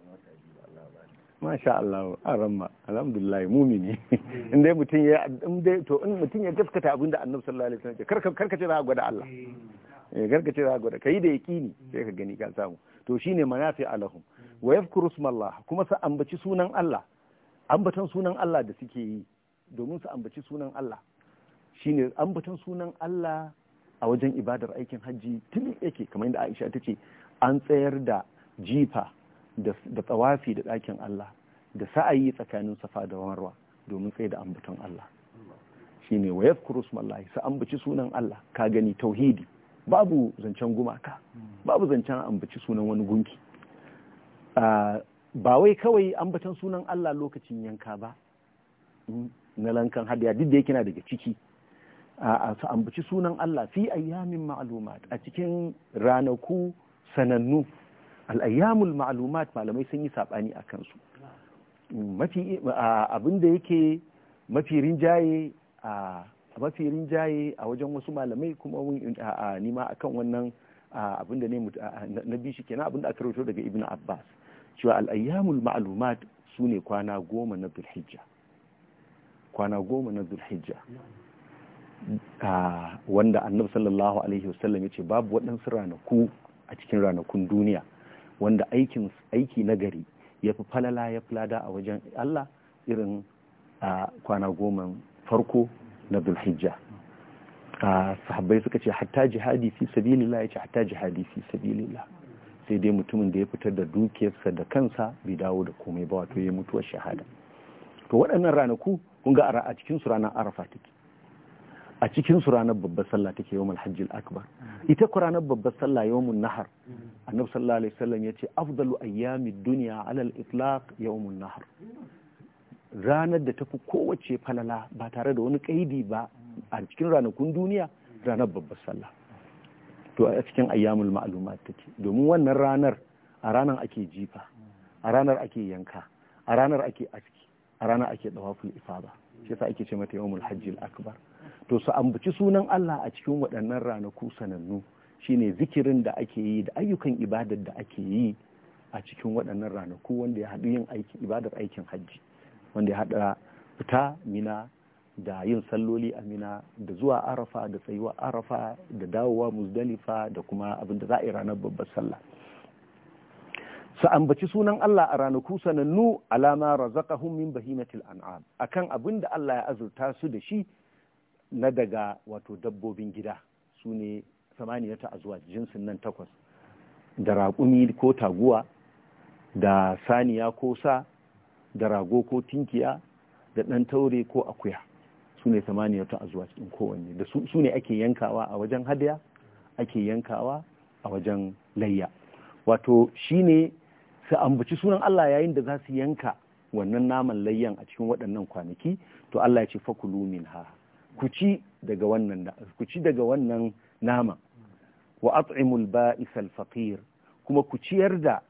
masha Allah a ramma alhamdulillah mumini hmm. in dai mutum ya in dai to in mutum ya gaskata abinda da annabi sallallahu alaihi wasallam karka ka ce za ka gwada Allah hmm. eh karka ce za ka gwada kai da yaqini sai ka gani ka samu to shine manafi alahum hmm. wa yafkuru Allah kuma sa ambaci sunan Allah ambatan sunan Allah da suke yi domin su ambaci sunan Allah shine ambatan sunan Allah a wajen ibadar aikin hajji tun yake kamar yadda Aisha ta ce an tsayar da jifa da tsawafi da ɗakin Allah da sa'ayi tsakanin safa da marwa domin tsaye da ambaton Allah ne wa yadhkuru smallahi sa ambaci sunan Allah ka gani tauhidi babu zancen gumaka babu zancen ambaci sunan wani gunki ba wai kawai ambaton sunan Allah lokacin yanka ba mm, na lankan hadiya duk da yake na daga ciki a su ambaci sunan Allah fi ayyamin ma'lumat a cikin ranaku sanannu al'ayyamul ma'alumat malamai sun yi saɓani a kansu abinda yake mafi rinjaye a mafi rinjaye wajen wasu malamai kuma a nima a kan wannan abinda ne na bi shi kenan da aka daga ibn abbas cewa al'ayyamul ma'alumat su ne kwana goma na zulhijja kwana goma na zulhijja wanda annabi sallallahu alaihi wasallam ya ce babu waɗansu ranaku a cikin ranakun duniya wanda aikin aiki na gari ya fi falala ya fi lada a wajen Allah irin a kwana goma farko na a sahabbai suka ce hatta jihadi fi sabilillah ya ce hatta jihadi fi sabilillah sai dai mutumin da ya fitar da dukiyarsa da kansa bai dawo da komai ba wato ya mutuwa shahada to waɗannan ranaku kun ga a cikin su ranar arafa take a cikin su ranar babbar sallah take yawon hajjil akbar ita ku ranar babbar sallah yawan nahar annabi sallallahu alaihi wasallam yace afdalu ayyamid duniya ala al-itlaq yawmun nahar ranar da tafi kowace falala ba tare da wani kaidi ba a cikin ranakun duniya ranar babbar sallah to a cikin ayyamul ma'lumat take domin wannan ranar a ranar ake jifa a ranar ake yanka a ranar ake aski a ranar ake dawaful ifada shi yasa ake ce mata yawmul hajjil akbar to su ambaci sunan Allah a cikin waɗannan ranaku sanannu shine zikirin da ake yi da ayyukan ibadar da ake yi a cikin waɗannan ranaku wanda ya haɗu yin aiki ibadar aikin hajji wanda ya haɗa fita mina da yin salloli a mina da zuwa arafa da tsayuwa arafa da dawowa muzdalifa da kuma abin da za a yi ranar babbar sallah su ambaci sunan Allah a ranaku sanannu alama razaqahum min bahimatil an'am akan abin da Allah ya azurta su da shi na daga wato dabbobin gida su ne samaniyata a zuwa jinsin nan takwas da raƙumi ko taguwa da saniya ko sa da rago ko tinkiya da ɗan taure ko akuya su ne samaniyata a zuwa cikin kowanne da su ne ake yankawa a wajen hadiya ake yankawa a wajen layya wato shi ne su ambaci sunan Allah yayin da za su yanka wannan naman layyan a cikin waɗannan kwanaki to Allah ya ce fakulu min ha ku ci daga wannan naman nama wa at'imul ba'is al faqir kuma ku ciyar da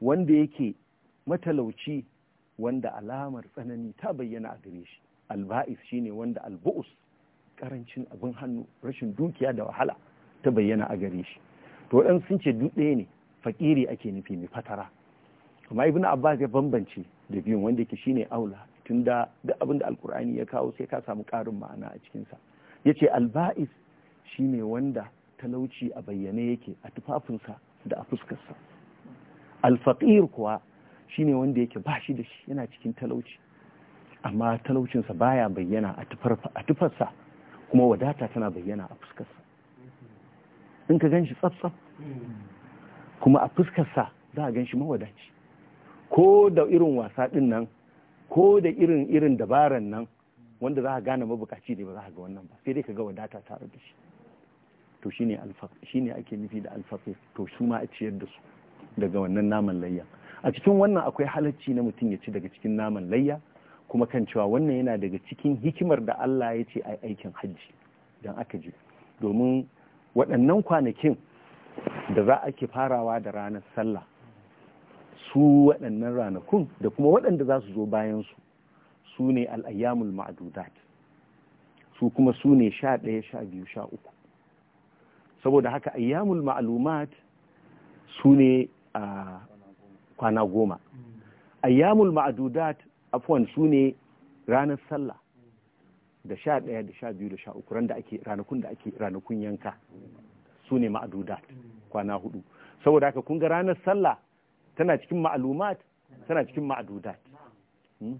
wanda yake matalauci wanda alamar tsanani ta bayyana a gare shi alba'is shine wanda albu'us karancin abin hannu rashin dukiya da wahala ta bayyana a gare shi to dan sun ce duk ɗaya ne fakiri ake nufi mai fatara kuma ibn abbas ya bambance da biyun wanda yake shine aula tun da duk abin da alkur'ani ya kawo sai ka samu ƙarin ma'ana a cikinsa ya ce alba'is shi ne wanda talauci a bayyane yake a tufafinsa da a fuskarsa alfaƙir kuwa shi ne wanda yake ba shi da shi yana cikin talauci amma talaucinsa baya bayyana a tufarsa kuma wadata tana bayyana a fuskarsa in ka gan shi kuma a fuskarsa za a gan shi mawadaci ko da irin wasa din nan ko da irin irin dabaran nan wanda za ka gane mabukaci ne ba za ka ga wannan ba sai dai ka ga wadata tare da shi to shine shine ake nufi da alfaqir to su ma a ciyar da su daga wannan naman layya a cikin wannan akwai halacci na mutum ya ci daga cikin naman layya kuma kan cewa wannan yana daga cikin hikimar da Allah ya ce ai aikin hajji dan aka ji domin waɗannan kwanakin da za a farawa da ranar sallah su waɗannan ranakun da kuma waɗanda za su zo bayansu su ne al'ayyamul ma'adudat su kuma su ne sha ɗaya sha biyu sha uku saboda haka ayyamul ma'alumat su ne a kwana goma ayyamul ma'adudat afwan su ne ranar sallah da sha ɗaya da sha biyu da sha uku ranakun da ake ranakun yanka su ne ma'adudat kwana hudu saboda haka kun ga ranar sallah tana cikin ma'alumat tana cikin ma'adudat hmm?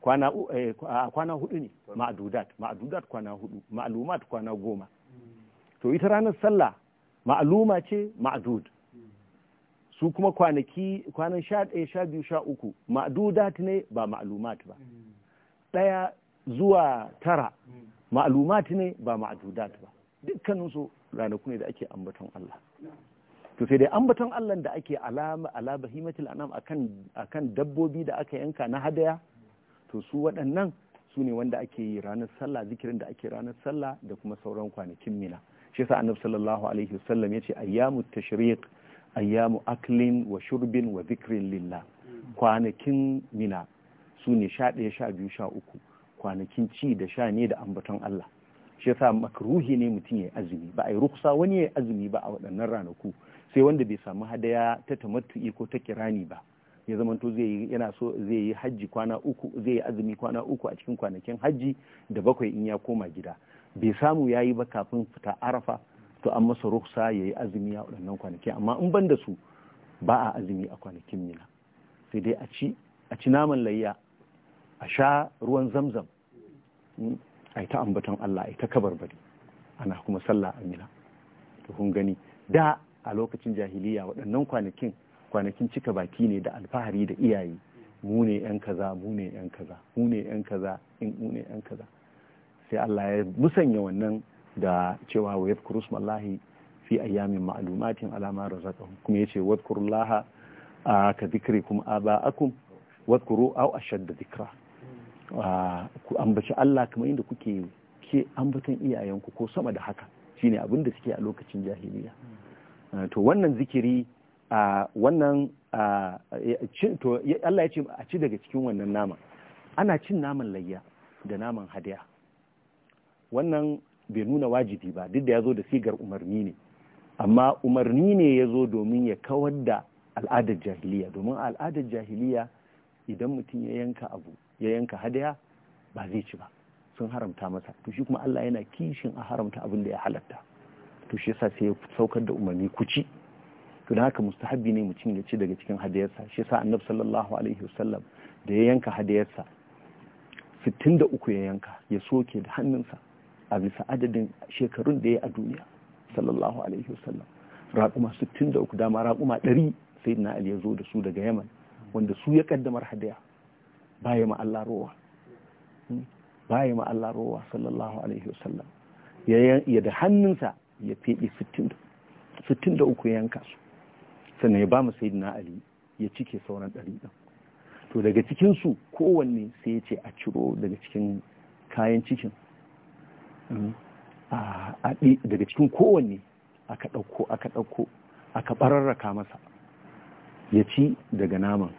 kwana eh, kwana hudu ne ma'adudat ma'adudat kwana hudu ma'alumat kwana goma to ita ranar sallah ma'aluma ce ma'adud su kuma kwanaki kwanan sha ɗaya sha biyu sha uku ma'adudat ne ba ma'alumat ba ɗaya zuwa tara ma'alumat ne ba ma'adudat ba dukkaninsu ranaku ne da ake ambaton Allah to sai dai ambaton Allah da ake alama ala bahimatil anam akan akan dabbobi da aka yanka na hadaya to su waɗannan su ne wanda ake yi ranar sallah zikirin da ake ranar sallah da kuma sauran kwanakin mina shi yasa annabi sallallahu alaihi wasallam yace ayyamu tashriq ayyamu aklin wa shurbin wa zikrin lillah kwanakin mina su ne sha ɗaya sha biyu sha kwanakin ci da sha ne da ambaton Allah shi yasa makruhi ne mutum ya azumi ba a yi ruksa wani ya azumi ba a waɗannan ranaku sai wanda bai samu hadaya ta tamattu'i ko ta kirani ba ya zamanto zai yana so zai yi hajji kwana uku zai yi azumi kwana uku a cikin kwanakin hajji da bakwai in ya koma gida bai samu ya yi ba kafin fita arafa to an masa ruksa ya yi azumi a waɗannan kwanaki amma in ban da su ba a azumi a kwanakin mina sai dai a ci naman layya a sha ruwan zamzam hmm, a ta ambaton Allah a ta Bari. ana kuma sallah a mina to kun gani da a lokacin jahiliya waɗannan kwanakin kwanakin cika baki ne da alfahari da iyaye mu ne yan kaza mu ne yan kaza mu ne yan kaza in mu ne yan kaza sai Allah ya musanya wannan da cewa wa yadhkuru smallahi fi ayyamin ma'lumatin alama razaqahum kuma yace wadhkurullaha ka dhikrikum aba'akum wadhkuru aw ashadda dhikra ku ambaci Allah kamar inda kuke ke ambatan iyayenku ko sama da haka shine abin da suke a lokacin jahiliya Eh, to wannan zikiri a wannan to Allah ya ce a ci daga cikin wannan nama ana cin naman layya da naman hadiya wannan bai nuna wajibi ba duk da ya zo da sigar umarni ne amma umarni ne ya zo domin ya kawar da al'adar jahiliya domin al'adar jahiliya idan mutum ya yanka abu ya yanka hadaya ba zai ci ba sun haramta masa to shi kuma Allah yana kishin a haramta abin da ya halatta to shi yasa sai ya saukar da umarni ku ci to da haka mustahabbi ne mutum ya ci daga cikin hadiyarsa shi yasa annabi sallallahu alaihi wasallam da ya yanka hadiyarsa 63 ya yanka ya soke da hannunsa a bisa adadin shekarun da ya a duniya sallallahu alaihi wasallam raƙuma 63 dama raquma 100 sai na ali ya zo da su daga yaman wanda su ya kaddamar hadiya baya ma Allah rowa hmm? baya ma Allah rowa sallallahu alaihi wasallam ya da hannunsa ya sittin uku ya yanka su sannan ya ba mu na ali ya cike sauran ɗari ɗin to daga cikinsu kowanne sai ya ce a ciro daga cikin kayan cikin mm. daga cikin kowanne aka ɗauko aka ɗauko aka ɓararraka masa ya ci daga naman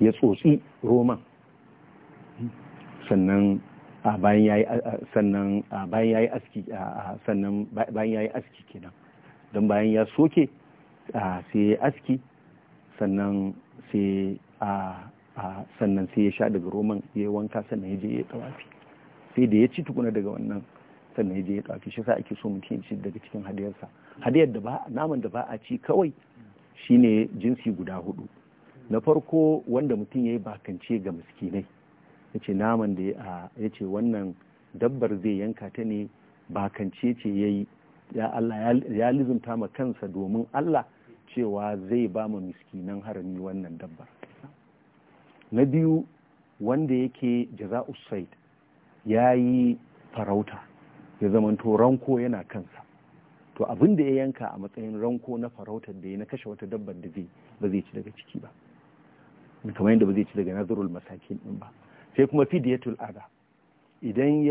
ya tsotsi roman mm. sannan bayan yayi sannan bayan yayi aski sannan bayan yayi aski kenan don bayan ya soke sai ya aski sannan sai a sannan sai ya sha daga roman ya yi wanka sannan ya je ya tawafi sai da ya ci tukuna daga wannan sannan ya je ya tawafi shi sa ake so mutum ci daga cikin hadiyarsa hadiyar da ba naman da ba a ci kawai shine jinsi guda hudu na farko wanda mutum ya yi bakance ga miskinai ya ce naman da ya ce wannan dabbar zai yanka ta ne bakance ce ya yi ya Allah ma kansa domin Allah cewa zai ba ma miskinan harami wannan dabbar na biyu wanda yake jaza usaid ya yi farauta ya zamanto ranko yana kansa to abin da ya yanka a matsayin ranko na farautar da ya na kashe wata dabbar da zai ba zai ci daga ciki ba kamar yadda ba zai ci daga nazarul masakin din ba sai kuma fidiyatul ya idan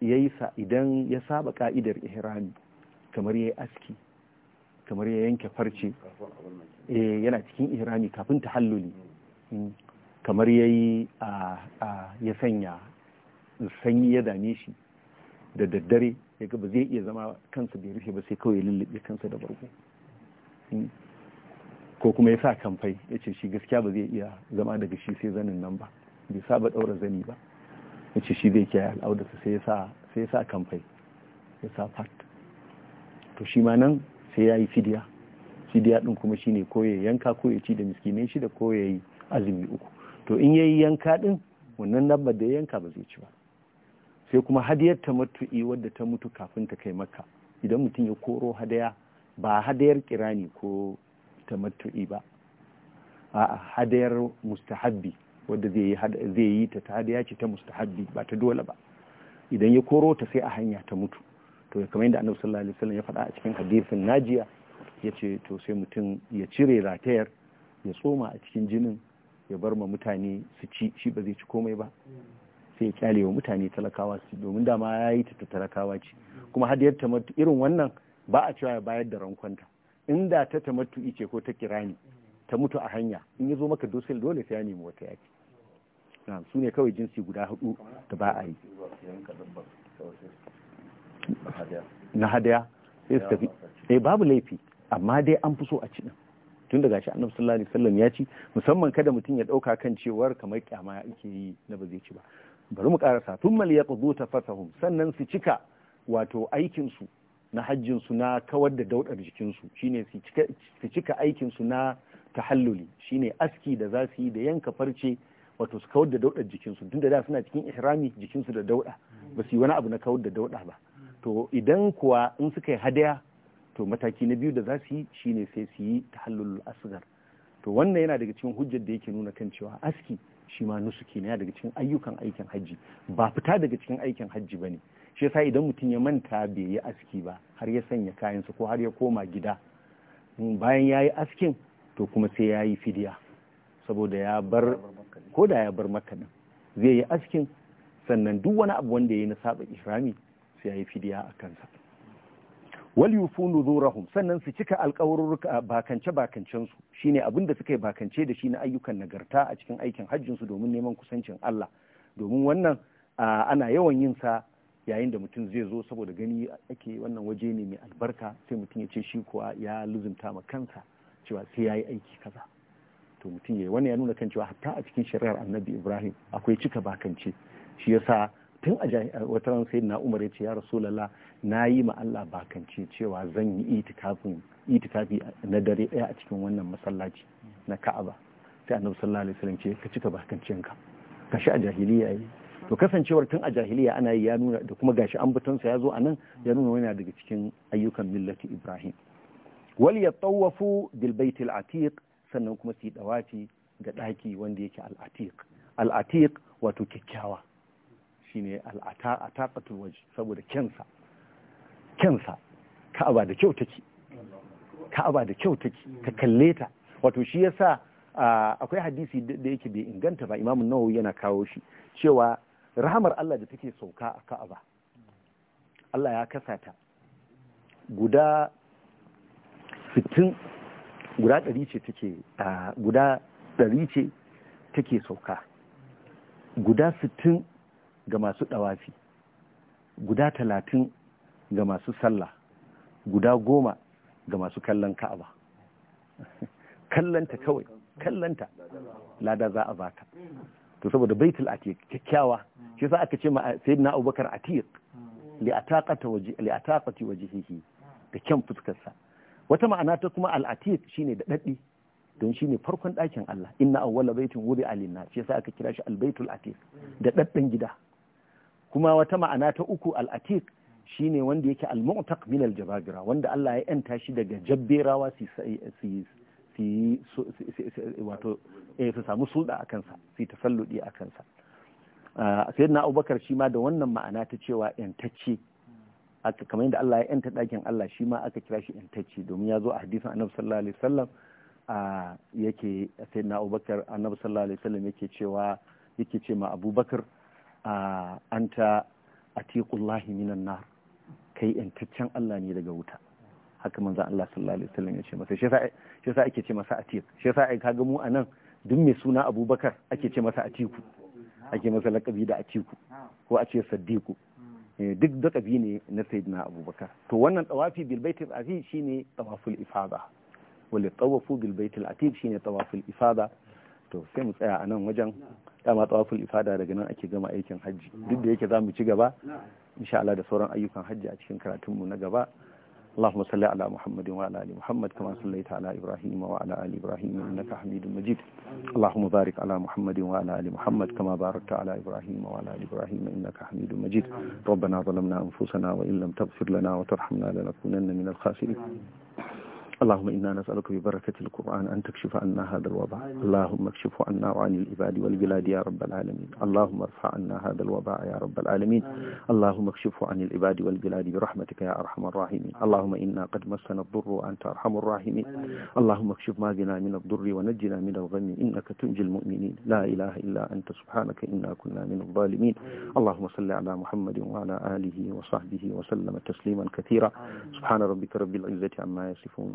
ya idan ya saba ka'idar ihrami kamar yayi aski kamar ya yanke farce eh yana cikin ihrami kafin ta tahalluli hmm. kamar yayi a ya sanya sanyi ya dame shi da daddare ya ga ba zai iya zama kansa bai rufe ba sai kawai lullube kansa da barko hmm. ko kuma ya sa kamfai ya ce shi gaskiya ba zai iya zama daga shi sai zanin nan ba bai saba daura zani ba ya ce shi zai kiyaye al'audarsa sai ya sa sai kamfai ya sa fat to shi ma nan sai ya yi fidiya fidiya din kuma shine ko ya yanka ko ya ci da miskinai shida ko ya yi azumi uku to in ya yi yanka din wannan nabba da ya yanka ba zai ci ba sai kuma hadiyar ta matu'i wadda ta mutu kafin ta kai maka idan mutum ya koro hadaya ba hadayar kirani ko ta matu'i ba a hadayar mustahabbi wadda zai yi ta hadiya ce ta mustahabbi ba ta dole ba idan ya koro ta sai a hanya ta mutu to kamar yadda annabi sallallahu alaihi wasallam ya faɗa a cikin hadisin najiya ya ce to sai mutum ya cire ratayar ya tsoma a cikin jinin ya bar ma mutane su ci shi ba zai ci komai ba sai ya kyale wa mutane talakawa su domin dama ya yi ta talakawa ce kuma hadiyar ta irin wannan ba a cewa ya bayar da rankwanta inda ta tamattu ice ko ta kirani ta mutu a hanya in ya zo maka dosil dole sai ya nemi wata yaki su ne kawai jinsi guda hudu da ba a yi na hadaya sai su tafi eh babu laifi amma dai an fi so a ci tun daga shi annabi sallallahu alaihi wasallam ya ci musamman kada mutum ya dauka kan cewar kamar kyama yake yi na ba zai ci ba bari mu karasa thumma liyaqdu tafatahum sannan su cika wato aikin su na hajjin su na kawar da daudar jikin su shine su cika aikin su na tahalluli shine aski da za su yi da yanka farce wato su kawar da daudar jikinsu tun da da suna cikin ihrami jikinsu da dauɗa ba su yi wani abu na kawar da dauɗa ba to idan kuwa in suka yi hadaya to mataki na biyu da za su yi shine sai su yi tahallul asgar to wannan yana daga cikin hujjar da yake nuna kan cewa aski shi ma nusuki ne daga cikin ayyukan aikin hajji ba fita daga cikin aikin hajji ba ne shi yasa idan mutum ya manta bai yi aski ba har ya sanya kayansa ko har ya koma gida bayan ya yi askin to kuma sai ya yi fidiya saboda ya bar ko da ya bar maka nan zai yi askin sannan duk wani abu wanda ya yi na saba ihrami sai ya yi fidiya a kansa wal yufu nuzurahum sannan su cika alƙawarurruka bakance bakancen su shine abin da suka yi bakance da shi na ayyukan nagarta a cikin aikin hajjin su domin neman kusancin Allah domin wannan ana yawan yin sa yayin da mutum zai zo saboda gani ake wannan waje ne mai albarka sai mutum ya ce shi kuwa ya luzumta ma kansa cewa sai ya yi aiki kaza to mutum ya yi wani ya nuna kan cewa hatta a cikin shari'ar annabi ibrahim akwai cika bakance shi yasa tun a wata ran sai na umar ya ce ya rasulala na yi ma Allah bakance cewa zan yi itikafi na dare ɗaya a cikin wannan masallaci na ka'aba sai annabi sallallahu alaihi wasallam ce ka cika ka shi a jahiliya yi to kasancewar tun a jahiliya ana yi ya nuna da kuma gashi an sa ya zo a nan ya nuna yana daga cikin ayyukan millati ibrahim wal tsawafu bil baitil atiq sannan kuma su yi dawafi ga daki wanda yake al atiq al atiq wato kyakkyawa shine al ata ataqatul waje saboda kyansa kyansa ka'aba da kyau take ka'aba da kyau take ka kalle ta wato shi yasa akwai hadisi da yake bai inganta ba imamun nawawi yana kawo shi cewa rahamar Allah da take sauka a ka'aba Allah ya kasa ta guda 60 guda 100 ce take guda 100 ce take sauka guda 60 ga masu dawafi guda 30 ga masu sallah guda 10 ga masu kallon ka'aba kallanta kawai kallanta lada za a baka to saboda baitul atiq kyakkyawa shi yasa aka ce ma sayyidina abubakar atiq hmm. li ataqata waji li ataqati wajhihi da kyan fuskar sa wata ma'ana ta kuma al'atik shine da daddi don shine farkon ɗakin Allah inna awwala baitin wuri alinna shi yasa aka kira shi albaitul atik da daddan gida kuma wata ma'ana ta uku al'atik shine wanda yake al-mu'taq min al-jababira wanda Allah ya yanta shi daga jabberawa su su wato eh, su samu sulda a kansa su tasalludi a kansa ah, sayyidina Abubakar shi ma da wannan ma'ana ta cewa yantacce aka kamar yadda Allah ya yanta ɗakin Allah shi ma aka kira shi intacci domin ya zo a hadisin annabi sallallahu alaihi wasallam a yake sayyidina Abubakar annabi sallallahu alaihi wasallam yake cewa yake ce ma Abubakar a anta atiqullahi minan nar kai intaccen Allah ne daga wuta haka manzon Allah sallallahu alaihi wasallam ya ce masa shi yasa shi yasa ake ce masa atiq shi yasa ai kaga mu anan duk mai suna Abubakar ake ce masa atiku ake masa lakabi da atiku ko a ce saddiku Eh, duk dakabi ne na sayyidina abubakar to wannan tawafi bil baitil shi shine tawaful ifada wal tawafu bil baitil shi shine tawaful ifada to sai mu tsaya anan wajen dama tawaful ifada daga nan ake gama aikin hajji duk da yake za mu ci gaba insha da sauran ayyukan hajji a cikin karatunmu na gaba اللهم صل على محمد وعلى ال محمد كما صليت على ابراهيم وعلى ال ابراهيم انك حميد مجيد اللهم بارك على محمد وعلى ال محمد كما باركت على ابراهيم وعلى ال ابراهيم انك حميد مجيد ربنا ظلمنا انفسنا وان لم تغفر لنا وترحمنا لنكونن من الخاسرين اللهم إنا نسألك ببركة القرآن أن تكشف عنا هذا الوباء اللهم اكشف عنا وعن العباد والبلاد يا رب العالمين اللهم ارفع عنا هذا الوباء يا رب العالمين اللهم اكشفه عن العباد والبلاد برحمتك يا أرحم الراحمين اللهم إنا قد مسنا الضر وأنت أرحم الراحمين اللهم اكشف ما بنا من الضر ونجنا من الغم إنك تنجي المؤمنين لا إله إلا أنت سبحانك إنا كنا من الظالمين اللهم صل على محمد وعلى آله وصحبه وسلم تسليما كثيرا سبحان ربك رب العزة عما يصفون